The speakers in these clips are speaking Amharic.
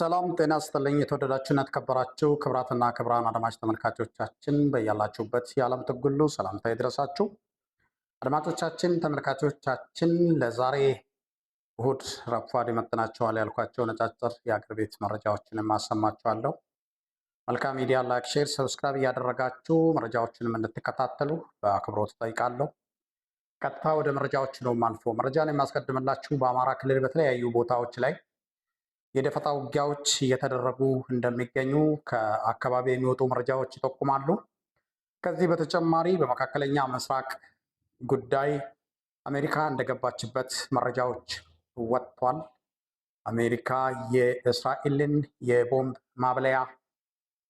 ሰላም ጤና ይስጥልኝ። የተወደዳችሁና የተከበራችሁ ክብራትና ክብራን አድማጭ ተመልካቾቻችን በያላችሁበት የዓለም ትጉሉ ሰላምታ ይድረሳችሁ። አድማጮቻችን፣ ተመልካቾቻችን ለዛሬ እሁድ ረፋድ ይመጥናችኋል ያልኳቸው ነጫጭር የአገር ቤት መረጃዎችን ማሰማችኋለሁ። መልካም ሚዲያ ላይክ፣ ሼር፣ ሰብስክራይብ እያደረጋችሁ መረጃዎችንም እንድትከታተሉ በአክብሮት ጠይቃለሁ። ቀጥታ ወደ መረጃዎች ነው አልፎ መረጃን የማስቀድምላችሁ በአማራ ክልል በተለያዩ ቦታዎች ላይ የደፈጣ ውጊያዎች እየተደረጉ እንደሚገኙ ከአካባቢ የሚወጡ መረጃዎች ይጠቁማሉ። ከዚህ በተጨማሪ በመካከለኛ ምስራቅ ጉዳይ አሜሪካ እንደገባችበት መረጃዎች ወጥቷል። አሜሪካ የእስራኤልን የቦምብ ማብለያ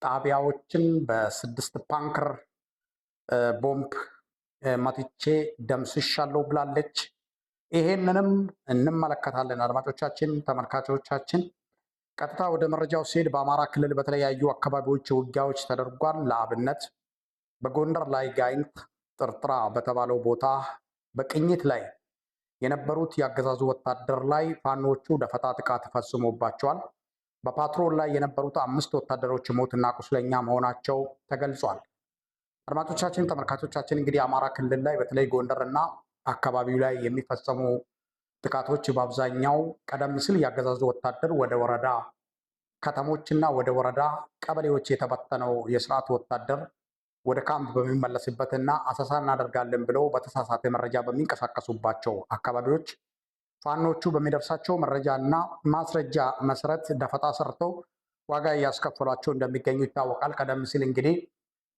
ጣቢያዎችን በስድስት ፓንከር ቦምብ መትቼ ደምስሻለሁ ብላለች። ይሄንንም እንመለከታለን። አድማጮቻችን፣ ተመልካቾቻችን ቀጥታ ወደ መረጃው ሲሄድ በአማራ ክልል በተለያዩ አካባቢዎች ውጊያዎች ተደርጓል። ለአብነት በጎንደር ላይ ጋይንት ጥርጥራ በተባለው ቦታ በቅኝት ላይ የነበሩት የአገዛዙ ወታደር ላይ ፋኖቹ ደፈጣ ጥቃት ፈጽሞባቸዋል። በፓትሮል ላይ የነበሩት አምስት ወታደሮች ሞትና ቁስለኛ መሆናቸው ተገልጿል። አድማጮቻችን ተመልካቾቻችን እንግዲህ አማራ ክልል ላይ በተለይ ጎንደር እና አካባቢው ላይ የሚፈጸሙ ጥቃቶች በአብዛኛው ቀደም ሲል ያገዛዙ ወታደር ወደ ወረዳ ከተሞችና ወደ ወረዳ ቀበሌዎች የተበተነው የስርዓት ወታደር ወደ ካምፕ በሚመለስበትና አሰሳ እናደርጋለን ብለው በተሳሳተ መረጃ በሚንቀሳቀሱባቸው አካባቢዎች ፋኖቹ በሚደርሳቸው እና ማስረጃ መሰረት ደፈጣ ሰርተው ዋጋ እያስከፈሏቸው እንደሚገኙ ይታወቃል። ቀደም ሲል እንግዲህ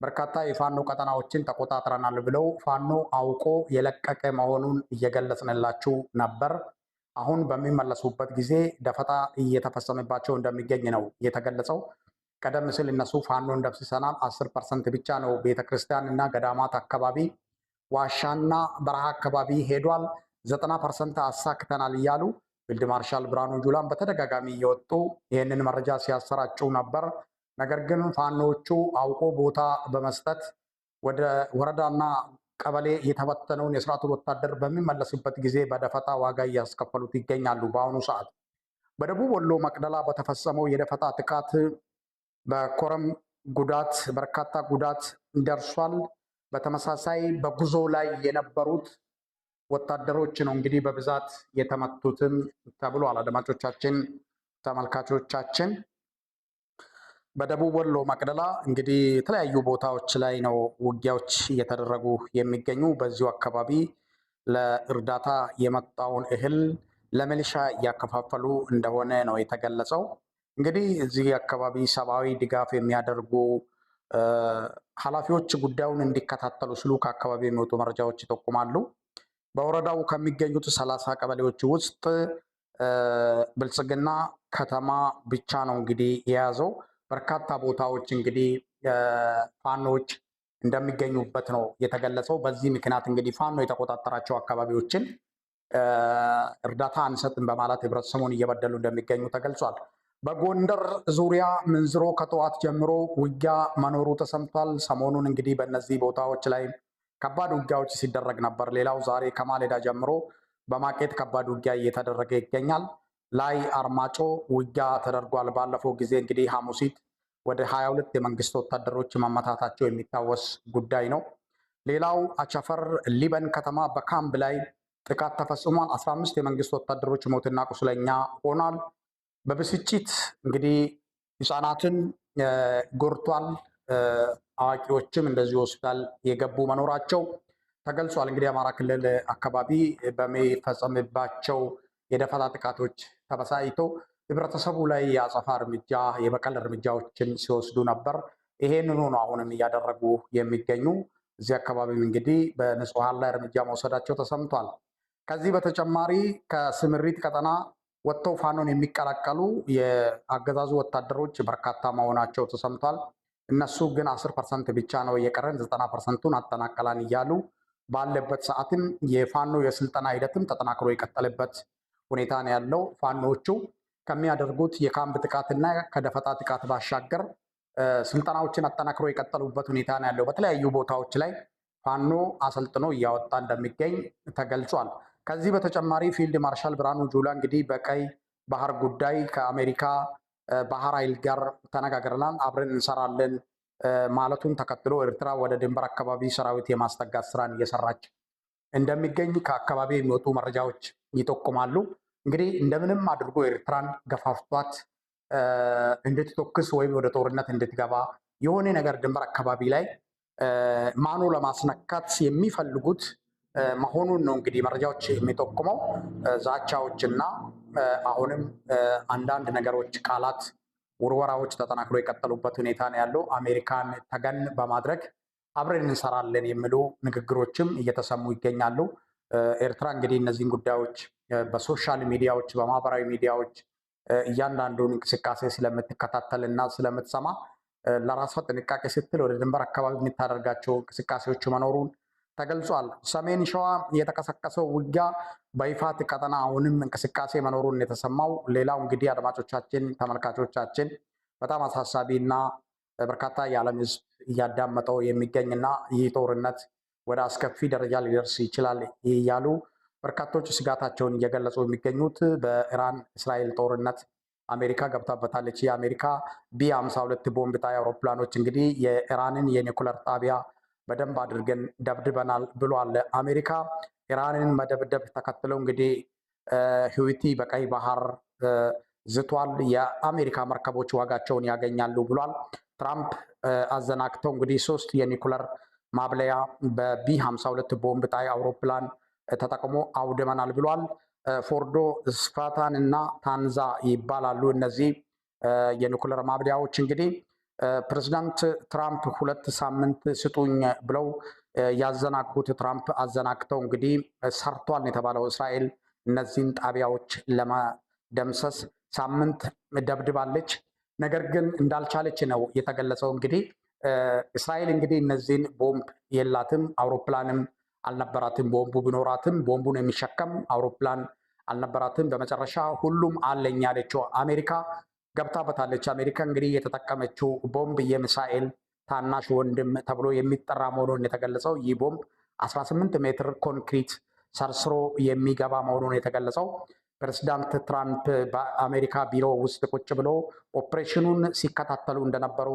በርካታ የፋኖ ቀጠናዎችን ተቆጣጥረናል ብለው ፋኖ አውቆ የለቀቀ መሆኑን እየገለጽንላችሁ ነበር። አሁን በሚመለሱበት ጊዜ ደፈጣ እየተፈጸመባቸው እንደሚገኝ ነው የተገለጸው። ቀደም ሲል እነሱ ፋኖን ደምስሰናል፣ አስር ፐርሰንት ብቻ ነው ቤተክርስቲያን እና ገዳማት አካባቢ ዋሻና በረሃ አካባቢ ሄዷል፣ ዘጠና ፐርሰንት አሳክተናል እያሉ ፊልድ ማርሻል ብርሃኑ ጁላን በተደጋጋሚ እየወጡ ይህንን መረጃ ሲያሰራጩ ነበር። ነገር ግን ፋኖቹ አውቆ ቦታ በመስጠት ወደ ወረዳና ቀበሌ የተበተነውን የስርዓቱን ወታደር በሚመለስበት ጊዜ በደፈጣ ዋጋ እያስከፈሉት ይገኛሉ። በአሁኑ ሰዓት በደቡብ ወሎ መቅደላ በተፈጸመው የደፈጣ ጥቃት በኮረም ጉዳት በርካታ ጉዳት ደርሷል። በተመሳሳይ በጉዞ ላይ የነበሩት ወታደሮች ነው እንግዲህ በብዛት የተመቱትም ተብሏል። አድማጮቻችን፣ ተመልካቾቻችን በደቡብ ወሎ መቅደላ እንግዲህ የተለያዩ ቦታዎች ላይ ነው ውጊያዎች እየተደረጉ የሚገኙ። በዚሁ አካባቢ ለእርዳታ የመጣውን እህል ለሚሊሻ እያከፋፈሉ እንደሆነ ነው የተገለጸው። እንግዲህ እዚህ አካባቢ ሰብአዊ ድጋፍ የሚያደርጉ ኃላፊዎች ጉዳዩን እንዲከታተሉ ሲሉ ከአካባቢ የሚወጡ መረጃዎች ይጠቁማሉ። በወረዳው ከሚገኙት ሰላሳ ቀበሌዎች ውስጥ ብልጽግና ከተማ ብቻ ነው እንግዲህ የያዘው። በርካታ ቦታዎች እንግዲህ ፋኖች እንደሚገኙበት ነው የተገለጸው። በዚህ ምክንያት እንግዲህ ፋኖ የተቆጣጠራቸው አካባቢዎችን እርዳታ አንሰጥም በማለት ህብረተሰቡን እየበደሉ እንደሚገኙ ተገልጿል። በጎንደር ዙሪያ ምንዝሮ ከጠዋት ጀምሮ ውጊያ መኖሩ ተሰምቷል። ሰሞኑን እንግዲህ በእነዚህ ቦታዎች ላይ ከባድ ውጊያዎች ሲደረግ ነበር። ሌላው ዛሬ ከማሌዳ ጀምሮ በማቄት ከባድ ውጊያ እየተደረገ ይገኛል። ላይ አርማጮ ውጊያ ተደርጓል። ባለፈው ጊዜ እንግዲህ ሐሙሲት ወደ 22 የመንግስት ወታደሮች መመታታቸው የሚታወስ ጉዳይ ነው። ሌላው አቸፈር ሊበን ከተማ በካምፕ ላይ ጥቃት ተፈጽሟል። 15 የመንግስት ወታደሮች ሞትና ቁስለኛ ሆኗል። በብስጭት እንግዲህ ህፃናትን ጎርቷል። አዋቂዎችም እንደዚህ ሆስፒታል የገቡ መኖራቸው ተገልጿል። እንግዲህ አማራ ክልል አካባቢ በሚፈጸምባቸው የደፈጣ ጥቃቶች ተበሳይቶ ህብረተሰቡ ላይ የአጸፋ እርምጃ የበቀል እርምጃዎችን ሲወስዱ ነበር። ይሄንኑ ነው አሁንም እያደረጉ የሚገኙ። እዚህ አካባቢም እንግዲህ በንጹሐን ላይ እርምጃ መውሰዳቸው ተሰምቷል። ከዚህ በተጨማሪ ከስምሪት ቀጠና ወጥተው ፋኖን የሚቀላቀሉ የአገዛዙ ወታደሮች በርካታ መሆናቸው ተሰምቷል። እነሱ ግን አስር ፐርሰንት ብቻ ነው የቀረን ዘጠና ፐርሰንቱን አጠናቀላን እያሉ ባለበት ሰዓትም የፋኖ የስልጠና ሂደትም ተጠናክሮ የቀጠለበት ሁኔታ ነው ያለው። ፋኖቹ ከሚያደርጉት የካምፕ ጥቃትና ከደፈጣ ጥቃት ባሻገር ስልጠናዎችን አጠናክሮ የቀጠሉበት ሁኔታ ነው ያለው። በተለያዩ ቦታዎች ላይ ፋኖ አሰልጥኖ እያወጣ እንደሚገኝ ተገልጿል። ከዚህ በተጨማሪ ፊልድ ማርሻል ብርሃኑ ጁላ እንግዲህ በቀይ ባህር ጉዳይ ከአሜሪካ ባህር ኃይል ጋር ተነጋግረናል፣ አብረን እንሰራለን ማለቱን ተከትሎ ኤርትራ ወደ ድንበር አካባቢ ሰራዊት የማስጠጋት ስራን እየሰራች እንደሚገኝ ከአካባቢ የሚወጡ መረጃዎች ይጠቁማሉ። እንግዲህ እንደምንም አድርጎ ኤርትራን ገፋፍቷት እንድትተኩስ ወይም ወደ ጦርነት እንድትገባ የሆነ ነገር ድንበር አካባቢ ላይ ማኑ ለማስነካት የሚፈልጉት መሆኑን ነው እንግዲህ መረጃዎች የሚጠቁመው። ዛቻዎች እና አሁንም አንዳንድ ነገሮች፣ ቃላት ውርወራዎች ተጠናክሮ የቀጠሉበት ሁኔታ ነው ያለው። አሜሪካን ተገን በማድረግ አብረን እንሰራለን የሚሉ ንግግሮችም እየተሰሙ ይገኛሉ። ኤርትራ እንግዲህ እነዚህን ጉዳዮች በሶሻል ሚዲያዎች፣ በማህበራዊ ሚዲያዎች እያንዳንዱን እንቅስቃሴ ስለምትከታተል እና ስለምትሰማ ለራሷ ጥንቃቄ ስትል ወደ ድንበር አካባቢ የምታደርጋቸው እንቅስቃሴዎች መኖሩን ተገልጿል። ሰሜን ሸዋ የተቀሰቀሰው ውጊያ በይፋት ቀጠና አሁንም እንቅስቃሴ መኖሩን የተሰማው። ሌላው እንግዲህ አድማጮቻችን፣ ተመልካቾቻችን በጣም አሳሳቢ እና በርካታ የዓለም ሕዝብ እያዳመጠው የሚገኝ እና ይህ ጦርነት ወደ አስከፊ ደረጃ ሊደርስ ይችላል እያሉ በርካቶች ስጋታቸውን እየገለጹ የሚገኙት በኢራን እስራኤል ጦርነት አሜሪካ ገብታበታለች። የአሜሪካ ቢ 52 ቦምብ ጣይ አውሮፕላኖች እንግዲህ የኢራንን የኒኩለር ጣቢያ በደንብ አድርገን ደብድበናል ብሏል። አሜሪካ ኢራንን መደብደብ ተከትለው እንግዲህ ህዊቲ በቀይ ባህር ዝቷል። የአሜሪካ መርከቦች ዋጋቸውን ያገኛሉ ብሏል። ትራምፕ አዘናግተው እንግዲህ ሶስት የኒኩለር ማብለያ በቢ 52 ቦምብ ጣይ አውሮፕላን ተጠቅሞ አውድመናል ብሏል። ፎርዶ፣ ስፋታን እና ታንዛ ይባላሉ እነዚህ የኒኩለር ማብለያዎች እንግዲህ ፕሬዚዳንት ትራምፕ ሁለት ሳምንት ስጡኝ ብለው ያዘናጉት ትራምፕ አዘናግተው እንግዲህ ሰርቷል የተባለው እስራኤል እነዚህን ጣቢያዎች ለመደምሰስ ሳምንት ደብድባለች። ነገር ግን እንዳልቻለች ነው የተገለጸው እንግዲህ እስራኤል እንግዲህ እነዚህን ቦምብ የላትም፣ አውሮፕላንም አልነበራትም። ቦምቡ ቢኖራትም ቦምቡን የሚሸከም አውሮፕላን አልነበራትም። በመጨረሻ ሁሉም አለኝ ያለችው አሜሪካ ገብታበታለች። አሜሪካ እንግዲህ የተጠቀመችው ቦምብ የሚሳኤል ታናሽ ወንድም ተብሎ የሚጠራ መሆኑን የተገለጸው ይህ ቦምብ 18 ሜትር ኮንክሪት ሰርስሮ የሚገባ መሆኑን የተገለጸው ፕሬዚዳንት ትራምፕ በአሜሪካ ቢሮ ውስጥ ቁጭ ብሎ ኦፕሬሽኑን ሲከታተሉ እንደነበሩ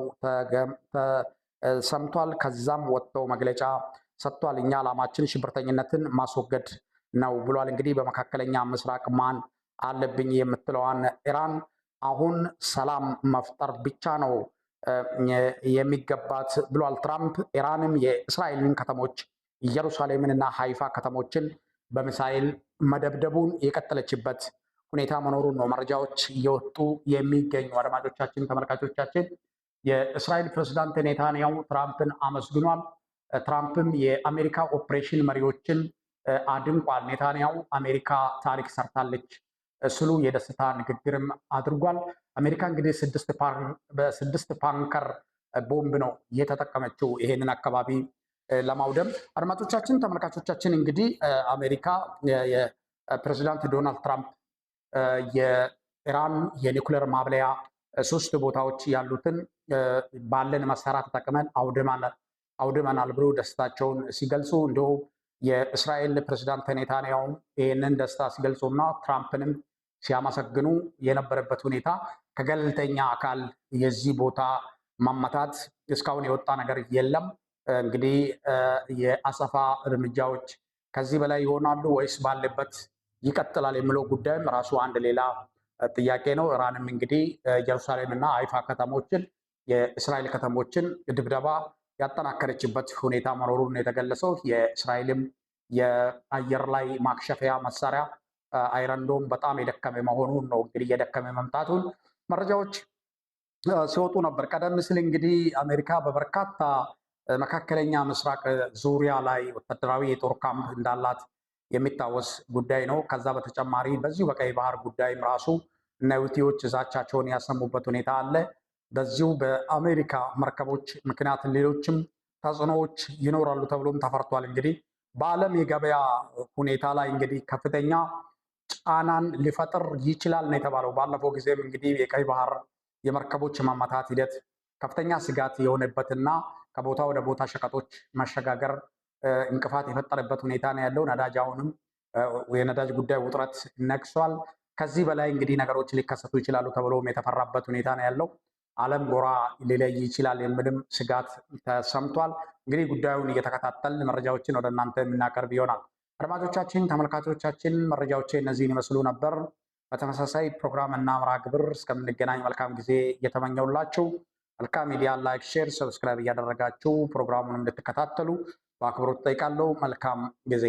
ሰምቷል። ከዛም ወጥተው መግለጫ ሰጥቷል። እኛ ዓላማችን ሽብርተኝነትን ማስወገድ ነው ብሏል። እንግዲህ በመካከለኛ ምስራቅ ማን አለብኝ የምትለዋን ኢራን አሁን ሰላም መፍጠር ብቻ ነው የሚገባት ብሏል ትራምፕ። ኢራንም የእስራኤልን ከተሞች ኢየሩሳሌምንና ሀይፋ ከተሞችን በሚሳይል መደብደቡን የቀጠለችበት ሁኔታ መኖሩን ነው መረጃዎች እየወጡ የሚገኙ። አድማጮቻችን፣ ተመልካቾቻችን የእስራኤል ፕሬዝዳንት ኔታንያሁ ትራምፕን አመስግኗል። ትራምፕም የአሜሪካ ኦፕሬሽን መሪዎችን አድንቋል። ኔታንያሁ አሜሪካ ታሪክ ሰርታለች ስሉ የደስታ ንግግርም አድርጓል። አሜሪካ እንግዲህ ስድስት ፓንከር ቦምብ ነው የተጠቀመችው ይሄንን አካባቢ ለማውደም አድማጮቻችን፣ ተመልካቾቻችን እንግዲህ አሜሪካ የፕሬዚዳንት ዶናልድ ትራምፕ የኢራን የኒኩሌር ማብለያ ሶስት ቦታዎች ያሉትን ባለን መሳሪያ ተጠቅመን አውድመናል ብሎ ደስታቸውን ሲገልጹ እንዲሁ የእስራኤል ፕሬዚዳንት ኔታንያውም ይህንን ደስታ ሲገልጹና ትራምፕንም ሲያመሰግኑ የነበረበት ሁኔታ ከገለልተኛ አካል የዚህ ቦታ ማመታት እስካሁን የወጣ ነገር የለም። እንግዲህ የአሰፋ እርምጃዎች ከዚህ በላይ ይሆናሉ ወይስ ባለበት ይቀጥላል የሚለው ጉዳይም ራሱ አንድ ሌላ ጥያቄ ነው። ኢራንም እንግዲህ ኢየሩሳሌምና አይፋ ከተሞችን የእስራኤል ከተሞችን ድብደባ ያጠናከረችበት ሁኔታ መኖሩን የተገለጸው የእስራኤልም የአየር ላይ ማክሸፊያ መሳሪያ አይረንዶም በጣም የደከመ መሆኑን ነው። እንግዲህ የደከመ መምጣቱን መረጃዎች ሲወጡ ነበር። ቀደም ሲል እንግዲህ አሜሪካ በበርካታ መካከለኛ ምስራቅ ዙሪያ ላይ ወታደራዊ የጦር ካምፕ እንዳላት የሚታወስ ጉዳይ ነው። ከዛ በተጨማሪ በዚሁ በቀይ ባህር ጉዳይም ራሱ እና ሁቲዎች እዛቻቸውን ያሰሙበት ሁኔታ አለ። በዚሁ በአሜሪካ መርከቦች ምክንያት ሌሎችም ተጽዕኖዎች ይኖራሉ ተብሎም ተፈርቷል። እንግዲህ በዓለም የገበያ ሁኔታ ላይ እንግዲህ ከፍተኛ ጫናን ሊፈጥር ይችላል ነው የተባለው። ባለፈው ጊዜም እንግዲህ የቀይ ባህር የመርከቦች ማማታት ሂደት ከፍተኛ ስጋት የሆነበትና ከቦታ ወደ ቦታ ሸቀጦች ማሸጋገር እንቅፋት የፈጠረበት ሁኔታ ነው ያለው። ነዳጅ አሁንም የነዳጅ ጉዳይ ውጥረት ነግሷል። ከዚህ በላይ እንግዲህ ነገሮች ሊከሰቱ ይችላሉ ተብሎም የተፈራበት ሁኔታ ነው ያለው። ዓለም ጎራ ሊለይ ይችላል የሚልም ስጋት ተሰምቷል። እንግዲህ ጉዳዩን እየተከታተል መረጃዎችን ወደ እናንተ የምናቀርብ ይሆናል። አድማጮቻችን፣ ተመልካቾቻችን መረጃዎች እነዚህን ይመስሉ ነበር። በተመሳሳይ ፕሮግራም እና አምራ ግብር እስከምንገናኝ መልካም ጊዜ እየተመኘውላችሁ መልካም ሚዲያ ላይክ፣ ሼር፣ ሰብስክራይብ እያደረጋችሁ ፕሮግራሙን እንድትከታተሉ በአክብሮት ጠይቃለሁ። መልካም ጊዜ